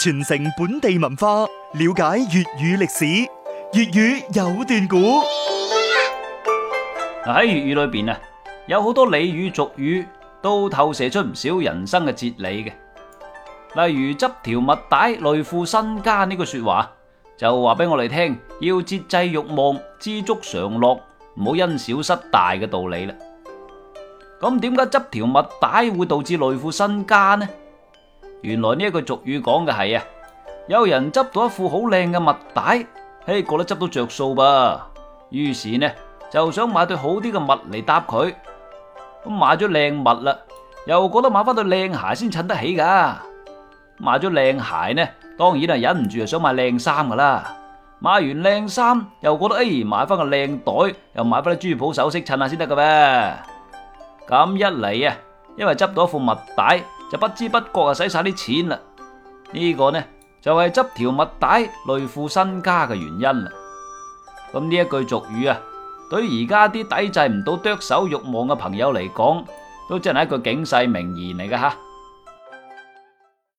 傳承本地文化，了解粵語歷史，粵語有段古。嗱喺粵語裏邊啊，有好多俚語俗語都透射出唔少人生嘅哲理嘅。例如，執條襪帶累副身家呢句說話，就話俾我哋聽，要節制慾望，知足常樂，唔好因小失大嘅道理啦。咁點解執條襪帶會導致累副身家呢？原來呢一句俗語講嘅係啊，有人執到一副好靚嘅襪帶，嘿、哎，覺得執到着數噃。於是呢，就想買對好啲嘅襪嚟搭佢。咁買咗靚襪啦，又覺得買翻對靚鞋先襯得起噶。買咗靚鞋呢，當然係忍唔住啊想買靚衫噶啦。買完靚衫又覺得，哎，買翻個靚袋，又買翻啲珠寶首飾襯下先得嘅咩？咁一嚟啊，因為執到一副襪帶，就不知不覺啊，使晒啲錢啦。呢個呢就係執條襪帶累副身家嘅原因啦。咁呢一句俗語啊，對於而家啲抵制唔到剁手欲望嘅朋友嚟講，都真係一句警世名言嚟嘅吓。